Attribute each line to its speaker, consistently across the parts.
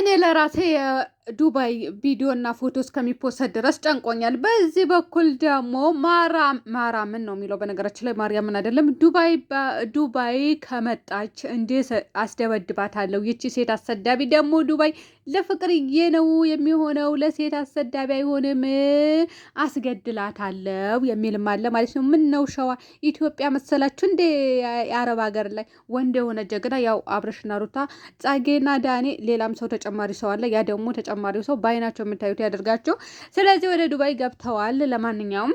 Speaker 1: انا لراسي ዱባይ ቪዲዮ እና ፎቶ እስከሚፖሰት ድረስ ጨንቆኛል። በዚህ በኩል ደግሞ ማራምን ነው የሚለው በነገራችን ላይ ማርያምን አይደለም። ዱባይ ዱባይ ከመጣች እንዴ አስደበድባታለሁ። ይቺ ሴት አሰዳቢ ደግሞ ዱባይ ለፍቅርዬ ነው የሚሆነው፣ ለሴት አሰዳቢ አይሆንም። አስገድላታለሁ የሚልም አለ ማለት ነው። ምን ነው ሸዋ ኢትዮጵያ መሰላችሁ እንዴ? የአረብ ሀገር ላይ ወንድ የሆነ ጀግና ያው አብረሽና ሩታ ጸጌና ዳኔ ሌላም ሰው ተጨማሪ ሰው አለ። ያ ደግሞ ተጨማ ተጨማሪው ሰው በአይናቸው የምታዩት ያደርጋቸው። ስለዚህ ወደ ዱባይ ገብተዋል። ለማንኛውም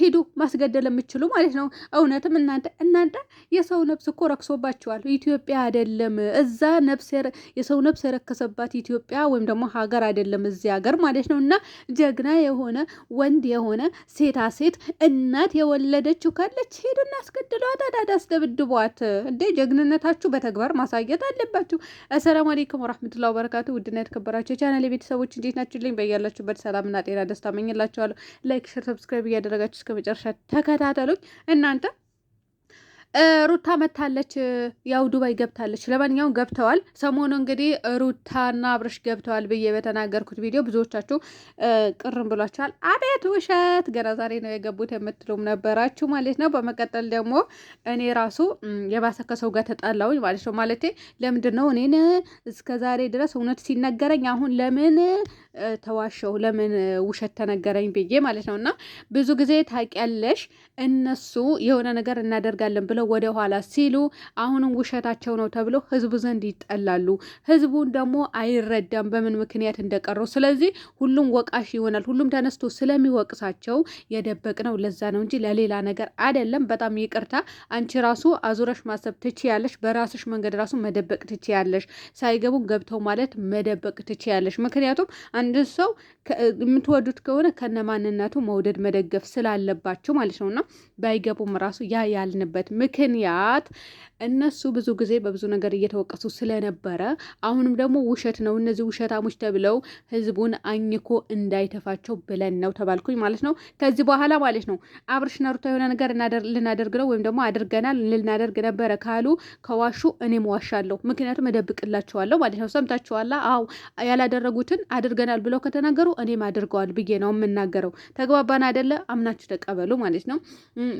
Speaker 1: ሂዱ ማስገደል የምችሉ ማለት ነው። እውነትም እናንተ እናንተ የሰው ነብስ እኮ ረክሶባቸዋል። ኢትዮጵያ አይደለም እዛ ነብስ የሰው ነብስ የረከሰባት ኢትዮጵያ ወይም ደግሞ ሀገር አይደለም እዚህ ሀገር ማለት ነው። እና ጀግና የሆነ ወንድ የሆነ ሴታ ሴት እናት የወለደችው ካለች ሄዱና አስገድለዋት፣ አዳዳ አስደብድቧት። እንዴ ጀግንነታችሁ በተግባር ማሳየት አለባችሁ። አሰላሙ አሌይኩም ወራህመቱላ ወበረካቱ ውድና የተከበራችሁ የተወደዳቸው የቻናል የቤተሰቦች እንዴት ናችሁልኝ? በያላችሁበት ሰላምና ጤና ደስታ መኝላችኋለሁ። ላይክ፣ ሸር፣ ሰብስክራይብ እያደረጋችሁ እስከ መጨረሻ ተከታተሉኝ እናንተ ሩታ መታለች፣ ያው ዱባይ ገብታለች። ለማንኛውም ገብተዋል። ሰሞኑ እንግዲህ ሩታና አብረሽ ገብተዋል ብዬ በተናገርኩት ቪዲዮ ብዙዎቻችሁ ቅርም ብሏቸዋል። አቤት ውሸት፣ ገና ዛሬ ነው የገቡት የምትሉም ነበራችሁ ማለት ነው። በመቀጠል ደግሞ እኔ ራሱ የባሰ ከሰው ጋር ተጣላውኝ ማለት ነው። ማለቴ ለምንድን ነው እኔን እስከ ዛሬ ድረስ እውነት ሲነገረኝ አሁን ለምን ተዋሸሁ፣ ለምን ውሸት ተነገረኝ ብዬ ማለት ነው። እና ብዙ ጊዜ ታውቂያለሽ፣ እነሱ የሆነ ነገር እናደርጋለን ብለው ወደ ኋላ ሲሉ አሁንም ውሸታቸው ነው ተብሎ ህዝቡ ዘንድ ይጠላሉ። ህዝቡን ደግሞ አይረዳም በምን ምክንያት እንደቀረው። ስለዚህ ሁሉም ወቃሽ ይሆናል። ሁሉም ተነስቶ ስለሚወቅሳቸው ነው ለዛ ነው እንጂ ለሌላ ነገር አይደለም። በጣም ይቅርታ። አንቺ ራሱ አዙረሽ ማሰብ ትችያለሽ። በራስሽ መንገድ ራሱ መደበቅ ትችያለሽ። ሳይገቡ ገብተው ማለት መደበቅ ትችያለሽ። ምክንያቱም አንድ ሰው የምትወዱት ከሆነ ከነ ማንነቱ መውደድ መደገፍ ስላለባቸው ማለት ነው። እና ባይገቡም ራሱ ያ ያልንበት ምክንያት እነሱ ብዙ ጊዜ በብዙ ነገር እየተወቀሱ ስለነበረ አሁንም ደግሞ ውሸት ነው እነዚህ ውሸታሞች ተብለው ህዝቡን አኝኮ እንዳይተፋቸው ብለን ነው ተባልኩኝ ማለት ነው። ከዚህ በኋላ ማለት ነው አብርሽ ነሩታ የሆነ ነገር ልናደርግ ነው ወይም ደግሞ አድርገናል ልናደርግ ነበረ ካሉ ከዋሹ እኔም ዋሻለሁ። ምክንያቱም እደብቅላቸዋለሁ ማለት ነው። ሰምታችኋላ? አዎ ያላደረጉትን አድርገናል ይችላል ብለው ከተናገሩ እኔም አድርገዋል ብዬ ነው የምናገረው። ተግባባን አይደለ? አምናችሁ ተቀበሉ ማለት ነው።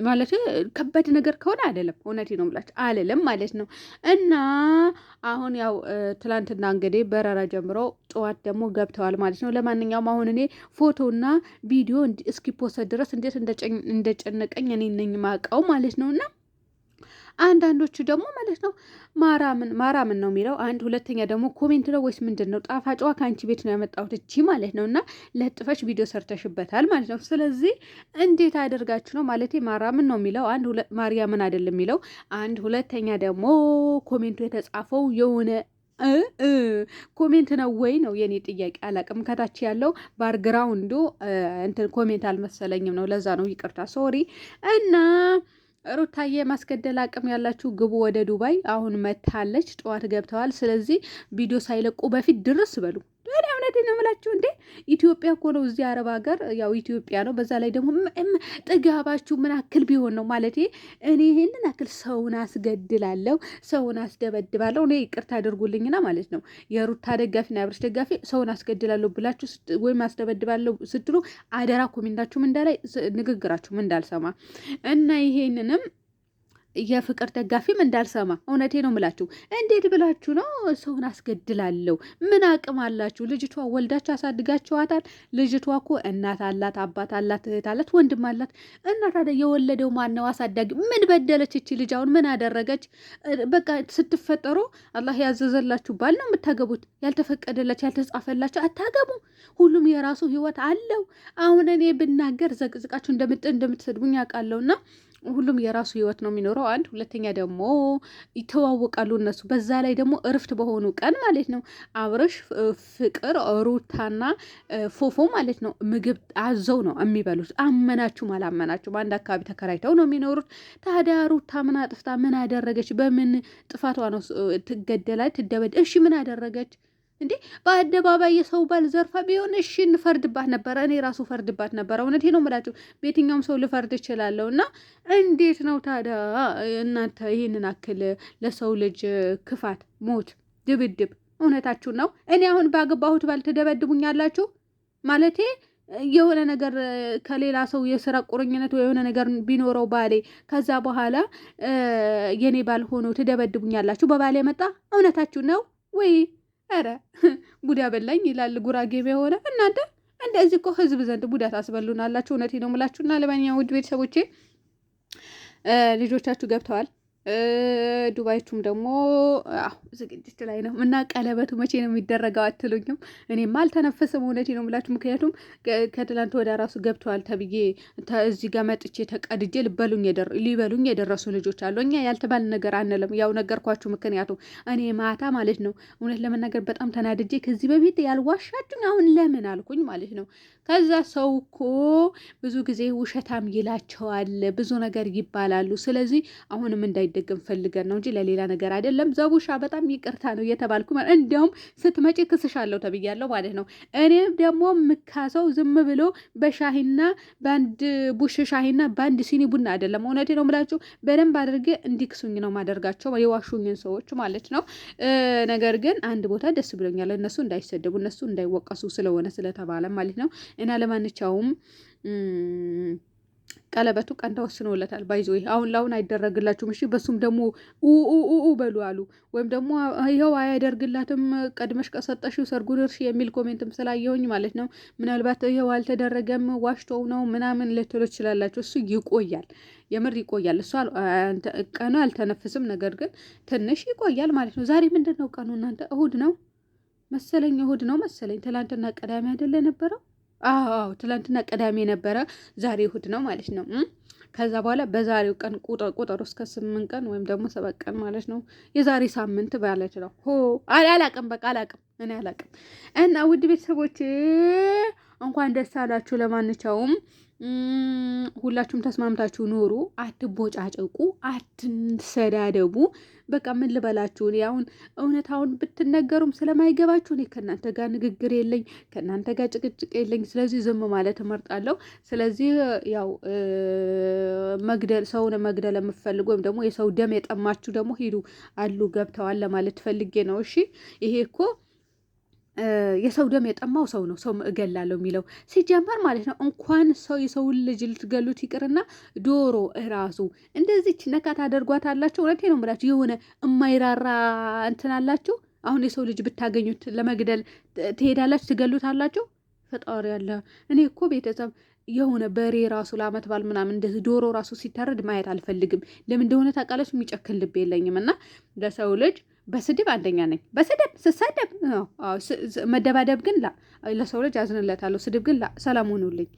Speaker 1: ማለት ከበድ ነገር ከሆነ አደለም፣ እውነቴ ነው ብላችሁ አልልም ማለት ነው። እና አሁን ያው ትላንትና እንግዲህ በረራ ጀምሮ ጠዋት ደግሞ ገብተዋል ማለት ነው። ለማንኛውም አሁን እኔ ፎቶና ቪዲዮ እስኪፖሰት ድረስ እንዴት እንደጨነቀኝ እኔ ነኝ ማቀው ማለት ነው እና አንዳንዶቹ ደግሞ ማለት ነው ማራምን ማራምን ነው የሚለው አንድ ሁለተኛ ደግሞ ኮሜንት ነው ወይስ ምንድን ነው? ጣፋጭዋ ከአንቺ ቤት ነው ያመጣሁት እቺ ማለት ነው እና ለጥፈሽ ቪዲዮ ሰርተሽበታል ማለት ነው። ስለዚህ እንዴት አደርጋችሁ ነው ማለት ማራምን ነው የሚለው አንድ ማርያምን አይደለም የሚለው አንድ ሁለተኛ ደግሞ ኮሜንቱ የተጻፈው የሆነ ኮሜንት ነው ወይ ነው የኔ ጥያቄ። አላቅም ከታች ያለው ባርግራውንዱ እንትን ኮሜንት አልመሰለኝም ነው። ለዛ ነው ይቅርታ፣ ሶሪ እና ሩታዬ ማስገደል አቅም ያላችሁ ግቡ ወደ ዱባይ። አሁን መታለች፣ ጠዋት ገብተዋል። ስለዚህ ቪዲዮ ሳይለቁ በፊት ድርስ በሉ። እኔ እውነቴን ነው የምላችሁ ኢትዮጵያ እኮ ነው እዚህ አረብ ሀገር ያው ኢትዮጵያ ነው። በዛ ላይ ደግሞ ጥጋባችሁ ምን አክል ቢሆን ነው ማለት እኔ ይህንን አክል ሰውን አስገድላለሁ፣ ሰውን አስደበድባለሁ። እኔ ይቅርታ አድርጉልኝና ማለት ነው የሩታ ደጋፊና የአብርሽ ደጋፊ ሰውን አስገድላለሁ ብላችሁ ወይም አስደበድባለሁ ስትሉ አደራ ኮሜንታችሁም እንዳላይ ንግግራችሁም እንዳልሰማ እና ይሄንንም የፍቅር ደጋፊም እንዳልሰማ እውነቴ ነው ምላችሁ። እንዴት ብላችሁ ነው ሰውን አስገድላለሁ? ምን አቅም አላችሁ? ልጅቷ ወልዳችሁ አሳድጋችኋታል። ልጅቷ እኮ እናት አላት፣ አባት አላት፣ እህት አላት፣ ወንድም አላት። እናት ታዲያ የወለደው ማነው? አሳዳጊ ምን በደለች እቺ ልጅ? አሁን ምን አደረገች? በቃ ስትፈጠሩ አላህ ያዘዘላችሁ ባል ነው የምታገቡት። ያልተፈቀደላችሁ ያልተጻፈላችሁ አታገቡ። ሁሉም የራሱ ህይወት አለው። አሁን እኔ ብናገር ዘቅዝቃችሁ እንደምጥ እንደምትሰድቡኝ ያውቃለሁና ሁሉም የራሱ ህይወት ነው የሚኖረው። አንድ ሁለተኛ ደግሞ ይተዋወቃሉ እነሱ። በዛ ላይ ደግሞ እርፍት በሆኑ ቀን ማለት ነው አብረሽ ፍቅር ሩታና ፎፎ ማለት ነው ምግብ አዘው ነው የሚበሉት። አመናችሁም አላመናችሁም አንድ አካባቢ ተከራይተው ነው የሚኖሩት። ታዲያ ሩታ ምን አጥፍታ ምን አደረገች? በምን ጥፋቷ ነው ትገደላል፣ ትደበድ? እሺ ምን አደረገች? እንዴ በአደባባይ የሰው ባል ዘርፋ ቢሆን እሺ እንፈርድባት ነበረ። እኔ ራሱ ፈርድባት ነበረ። እውነቴ ነው የምላችሁ፣ በየትኛውም ሰው ልፈርድ እችላለሁ። እና እንዴት ነው ታዲያ እናንተ ይህንን አክል ለሰው ልጅ ክፋት፣ ሞት፣ ድብድብ? እውነታችሁ ነው። እኔ አሁን ባገባሁት ባል ትደበድቡኛላችሁ ማለቴ የሆነ ነገር ከሌላ ሰው የስራ ቁርኝነት የሆነ ነገር ቢኖረው ባሌ ከዛ በኋላ የኔ ባል ሆኖ ትደበድቡኛላችሁ። በባሌ መጣ እውነታችሁ ነው ወይ? ኧረ ጉዳ በላኝ ይላል ጉራጌ የሆነ እናንተ እንደዚህ እኮ ህዝብ ዘንድ ቡዳ ታስበሉናላችሁ። እውነቴ ነው ምላችሁና ለማንኛውም ውድ ቤተሰቦቼ ልጆቻችሁ ገብተዋል። ዱባይቱም ደግሞ ዝግጅት ላይ ነው እና ቀለበቱ መቼ ነው የሚደረገው አትሉኝም? እኔም አልተነፈሰም። እውነቴ ነው የምላችሁ። ምክንያቱም ከትላንት ወደ ራሱ ገብተዋል ተብዬ እዚህ ጋር መጥቼ ተቀድጄ ሊበሉኝ የደረሱ ልጆች አሉ። እኛ ያልተባለ ነገር አንለም። ያው ነገርኳችሁ። ምክንያቱም እኔ ማታ ማለት ነው እውነት ለመናገር በጣም ተናድጄ ከዚህ በፊት ያልዋሻችሁኝ አሁን ለምን አልኩኝ ማለት ነው ከዛ ሰው እኮ ብዙ ጊዜ ውሸታም ይላቸዋል፣ ብዙ ነገር ይባላሉ። ስለዚህ አሁንም እንዳይደገም ፈልገን ነው እንጂ ለሌላ ነገር አይደለም። ዘቡሻ በጣም ይቅርታ ነው እየተባልኩ እንዲያውም ስትመጪ ክስሻለሁ ተብያለሁ ማለት ነው። እኔም ደግሞ ምካሰው ዝም ብሎ በሻሂና በአንድ ቡሽ ሻሂና በአንድ ሲኒ ቡና አይደለም። እውነቴ ነው የምላችሁ በደንብ አድርጌ እንዲክሱኝ ነው ማደርጋቸው የዋሹኝን ሰዎች ማለት ነው። ነገር ግን አንድ ቦታ ደስ ብሎኛል፣ እነሱ እንዳይሰደቡ እነሱ እንዳይወቀሱ ስለሆነ ስለተባለ ማለት ነው። እና ለማንኛውም ቀለበቱ ቀን ተወስኖለታል። ባይዞ አሁን ላሁን አይደረግላችሁም። እሺ በሱም ደግሞ ኡኡኡ በሉ አሉ። ወይም ደግሞ ይኸው አያደርግላትም ቀድመሽ ከሰጠሽው ሰርጉን እርሺ የሚል ኮሜንትም ስላየሁኝ ማለት ነው። ምናልባት ይኸው አልተደረገም ዋሽቶው ነው ምናምን ልትሉ ትችላላችሁ። እሱ ይቆያል፣ የምር ይቆያል። እሱ ቀኑ አልተነፍስም፣ ነገር ግን ትንሽ ይቆያል ማለት ነው። ዛሬ ምንድን ነው ቀኑ እናንተ? እሁድ ነው መሰለኝ፣ እሁድ ነው መሰለኝ። ትላንትና ቀዳሚ አይደለ ነበረው አዎ ትላንትና ቅዳሜ ነበረ፣ ዛሬ እሁድ ነው ማለት ነው። ከዛ በኋላ በዛሬው ቀን ቁጥር ቁጥር እስከ ስምንት ቀን ወይም ደግሞ ሰባት ቀን ማለት ነው የዛሬ ሳምንት ማለት ነው። ሆ አላቅም፣ በቃ አላቅም፣ እኔ አላቅም። እና ውድ ቤተሰቦች እንኳን ደስ አላችሁ። ለማንኛውም ሁላችሁም ተስማምታችሁ ኑሩ። አትቦጫጨቁ፣ አትሰዳደቡ። በቃ ምን ልበላችሁ፣ አሁን እውነታውን ብትነገሩም ስለማይገባችሁ እኔ ከእናንተ ጋር ንግግር የለኝ፣ ከእናንተ ጋር ጭቅጭቅ የለኝ። ስለዚህ ዝም ማለት እመርጣለሁ። ስለዚህ ያው መግደል ሰውን መግደል የምትፈልጉ ወይም ደግሞ የሰው ደም የጠማችሁ ደግሞ ሂዱ አሉ ገብተዋል ለማለት ፈልጌ ነው። እሺ ይሄ እኮ የሰው ደም የጠማው ሰው ነው ሰው እገላለሁ የሚለው ሲጀመር ማለት ነው። እንኳን ሰው የሰውን ልጅ ልትገሉት ይቅርና ዶሮ እራሱ እንደዚች ነካ ታደርጓታላችሁ። እውነቴ ነው የምላችሁ። የሆነ እማይራራ እንትን አላችሁ። አሁን የሰው ልጅ ብታገኙት ለመግደል ትሄዳላችሁ፣ አላችሁ። ፈጣሪ ያለ እኔ እኮ ቤተሰብ የሆነ በሬ ራሱ ለአመት ባል ምናምን እንደዚህ ዶሮ ራሱ ሲታረድ ማየት አልፈልግም። ለምን እንደሆነ ታውቃላችሁ? የሚጨክን ልብ የለኝም እና ለሰው ልጅ በስድብ አንደኛ ነኝ። በስድብ ስሰደብ መደባደብ ግን ላ ለሰው ልጅ አዝንለታለሁ። ስድብ ግን ላ ሰላም ሆኑልኝ።